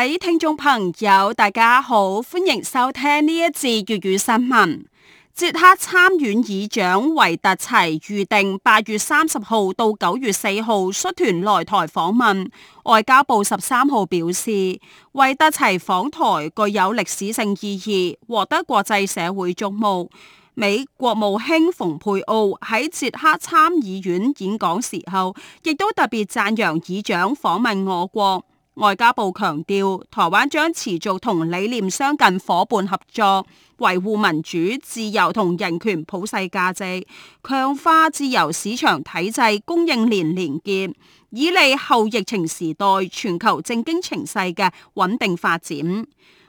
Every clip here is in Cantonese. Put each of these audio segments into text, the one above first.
各位聽眾朋友，大家好，歡迎收聽呢一節粵語新聞。捷克參院議長維特齊預定八月三十號到九月四號率團來台訪問。外交部十三號表示，維特齊訪台具有歷史性意義，獲得國際社會矚目。美國務卿蓬佩奧喺捷克參議院演講時候，亦都特別讚揚議長訪問我國。外交部強調，台灣將持續同理念相近伙伴合作，維護民主、自由同人權普世價值，強化自由市場體制、供應鏈連結，以利後疫情時代全球正經情勢嘅穩定發展。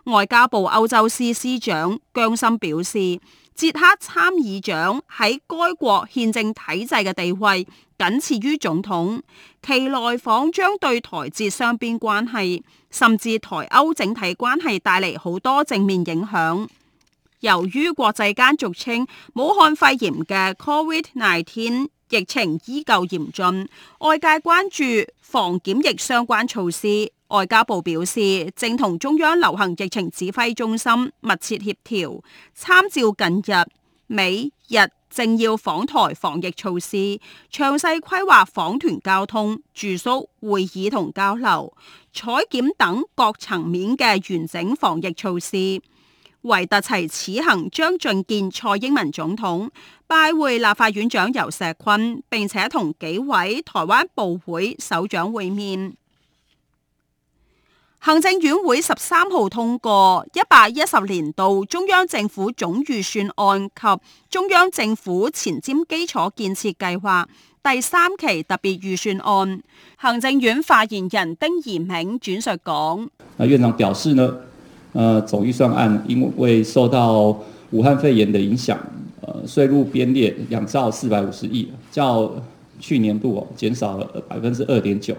外交部歐洲司司長姜森表示。捷克參議長喺該國憲政體制嘅地位僅次於總統，其來訪將對台捷雙邊關係，甚至台歐整體關係帶嚟好多正面影響。由於國際間俗稱武漢肺炎嘅 COVID-19 疫情依舊嚴峻，外界關注防檢疫相關措施。外交部表示，正同中央流行疫情指揮中心密切協調。參照近日美日正要訪台防疫措施，詳細規劃訪團交通、住宿、會議同交流、採檢等各層面嘅完整防疫措施。維特齊此行將晉見蔡英文總統，拜會立法院長游錫堃，並且同幾位台灣部會首長會面。行政院會十三號通過一百一十年度中央政府總預算案及中央政府前瞻基礎建設計劃第三期特別預算案。行政院發言人丁怡銘轉述講：，啊，院長表示呢，呃，總預算案因為受到武漢肺炎的影響，呃，歲入編列兩兆四百五十億，較去年度減少咗百分之二點九。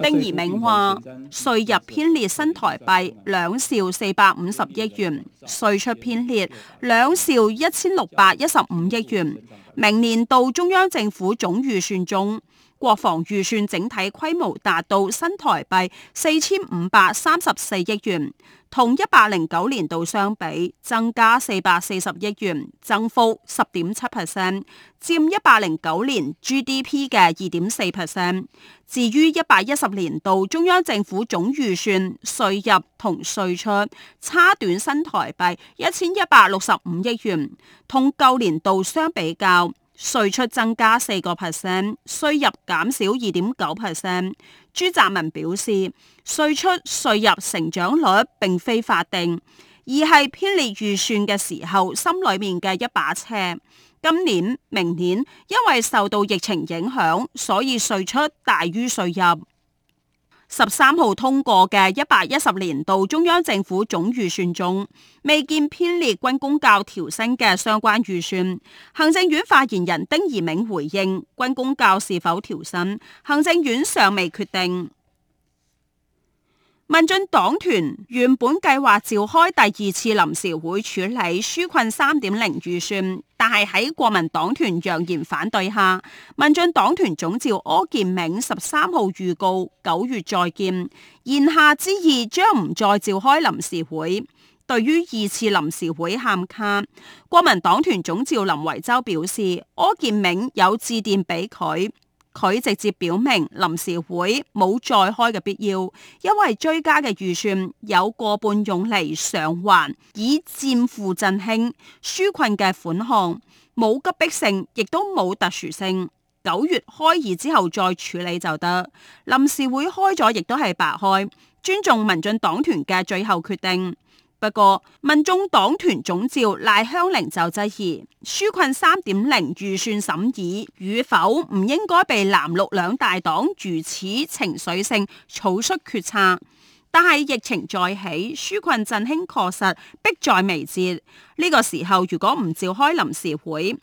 丁怡銘話：，歲入編列新台幣兩兆四百五十億元，歲出編列兩兆一千六百一十五億元，明年度中央政府總預算中。國防預算整體規模達到新台幣四千五百三十四億元，同一百零九年度相比增加四百四十億元，增幅十點七 percent，佔一百零九年 GDP 嘅二點四 percent。至於一百一十年度中央政府總預算歲入同歲出差短新台幣一千一百六十五億元，同舊年度相比較，歲出增加四個 percent，歲入減少二點九 percent。朱澤民表示，歲出歲入成長率並非法定，而係編列預算嘅時候心裏面嘅一把尺。今年、明年因為受到疫情影響，所以歲出大於歲入。十三號通過嘅一百一十年度中央政府總預算中，未見編列軍公教調薪嘅相關預算。行政院發言人丁怡銘回應，軍公教是否調薪，行政院尚未決定。民進黨團原本計劃召開第二次臨時會處理紓困三點零預算，但係喺國民黨團揚言反對下，民進黨團總召柯建銘十三號預告九月再見，言下之意將唔再召開臨時會。對於二次臨時會喊卡，國民黨團總召林維州表示，柯建銘有致電俾佢。佢直接表明臨時會冇再開嘅必要，因為追加嘅預算有過半用嚟償還以暫付振興紓困嘅款項，冇急迫性，亦都冇特殊性，九月開議之後再處理就得。臨時會開咗亦都係白開，尊重民進黨團嘅最後決定。不過，民眾黨團總召賴香玲就質疑，紓困3.0預算審議與否唔應該被藍綠兩大黨如此情緒性草率決策。但係疫情再起，紓困振興確實迫在眉睫。呢、這個時候如果唔召開臨時會，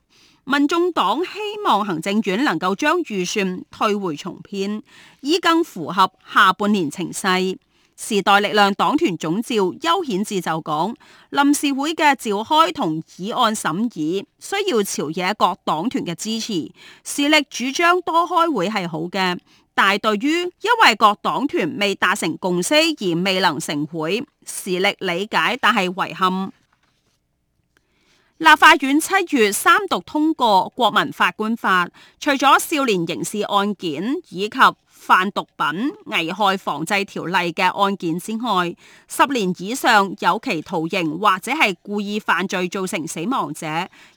民眾黨希望行政院能夠將預算退回重編，以更符合下半年情勢。時代力量黨團總召邱顯智就講，臨時會嘅召開同議案審議需要朝野各黨團嘅支持，時力主張多開會係好嘅，但係對於因為各黨團未達成共識而未能成會，時力理解但係遺憾。立法院七月三讀通過《國民法官法》，除咗少年刑事案件以及販毒品危害防制條例嘅案件之外，十年以上有期徒刑或者係故意犯罪造成死亡者，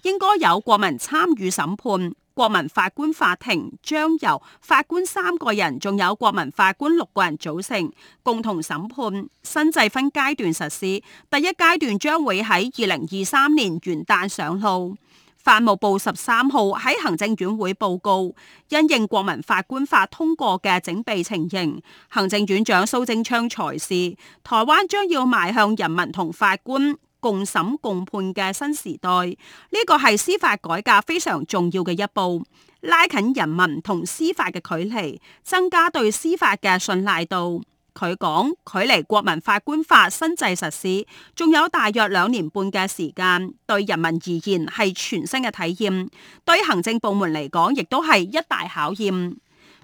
應該有國民參與審判。國民法官法庭將由法官三個人，仲有國民法官六個人組成，共同審判。新制分階段實施，第一階段將會喺二零二三年元旦上路。法務部十三號喺行政院會報告，因應國民法官法通過嘅整備情形，行政院長蘇貞昌裁示，台灣將要邁向人民同法官，共審共判嘅新時代，呢、這個係司法改革非常重要嘅一步，拉近人民同司法嘅距離，增加對司法嘅信賴度。佢講，距離國民法官法新制實施，仲有大約兩年半嘅時間，對人民而言係全新嘅體驗，對行政部門嚟講亦都係一大考驗。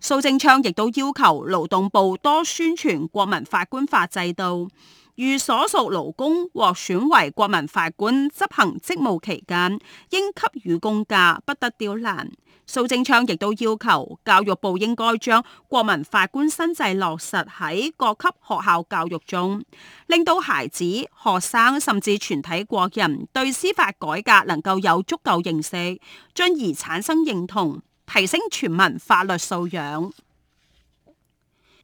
蘇貞昌亦都要求勞動部多宣傳國民法官法制度。如所屬勞工獲選為國民法官執行職務期間，應給予公假，不得刁難。蘇貞昌亦都要求教育部應該將國民法官新制落實喺各級學校教育中，令到孩子、學生甚至全體國人對司法改革能夠有足夠認識，進而產生認同，提升全民法律素養。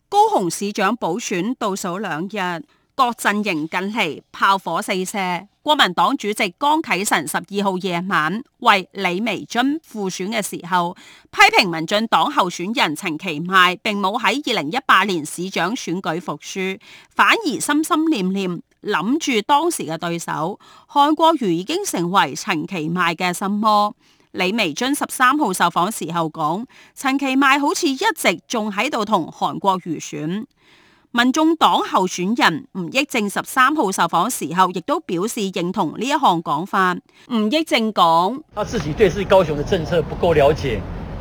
高雄市長補選倒數兩日。各陣營近期炮火四射，國民黨主席江啟臣十二號夜晚為李眉蓁輔選嘅時候，批評民進黨候選人陳其邁，並冇喺二零一八年市長選舉服輸，反而心心念念諗住當時嘅對手韓國瑜已經成為陳其邁嘅心魔。李眉蓁十三號受訪時候講，陳其邁好似一直仲喺度同韓國瑜選。民眾黨候選人吳益政十三號受訪時候，亦都表示認同呢一項講法。吳益政講：他自己對自己高雄嘅政策不夠了解，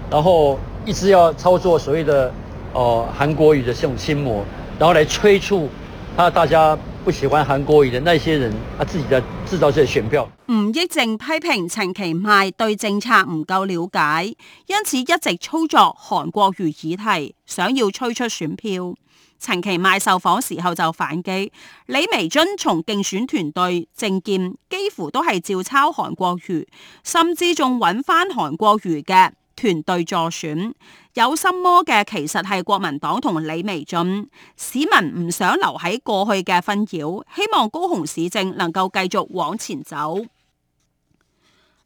然後一直要操作所謂的，哦、呃、韓國瑜的這種心魔，然後來催促他大家不喜歡韓國瑜的那些人，他自己在製造這選票。吳益政批評陳其邁對政策唔夠了解，因此一直操作韓國瑜議題，想要推出選票。陳其邁受訪時候就反擊，李微津從競選團隊政見幾乎都係照抄韓國瑜，甚至仲揾翻韓國瑜嘅團隊助選。有心魔嘅其實係國民黨同李微津，市民唔想留喺過去嘅紛擾，希望高雄市政能夠繼續往前走。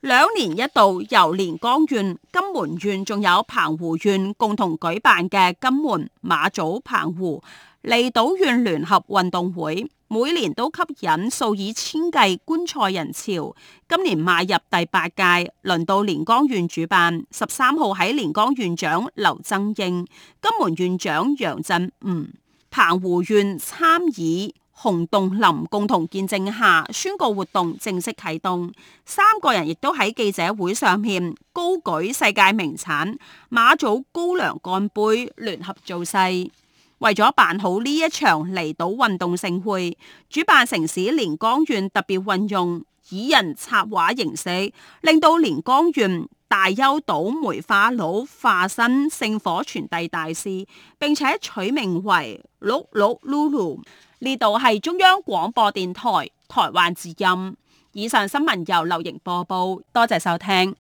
兩年一度由連江縣、金門縣仲有澎湖縣共同舉辦嘅金門馬祖澎湖離島縣聯合運動會，每年都吸引數以千計觀賽人潮。今年邁入第八屆，輪到連江縣主辦。十三號喺連江縣長劉增應、金門縣長楊振梧、澎湖縣參議，馮棟林共同見證下，宣告活動正式啟動。三個人亦都喺記者會上面高舉世界名產馬祖高粱乾杯，聯合造勢。為咗辦好呢一場離島運動盛會，主辦城市連江縣特別運用擬人插畫形式，令到連江縣大坵島梅花佬化身聖火傳遞大使，並且取名為碌碌 Lulu 呢度係中央廣播電台台灣之音，以上新聞由劉瑩播報，多謝收聽。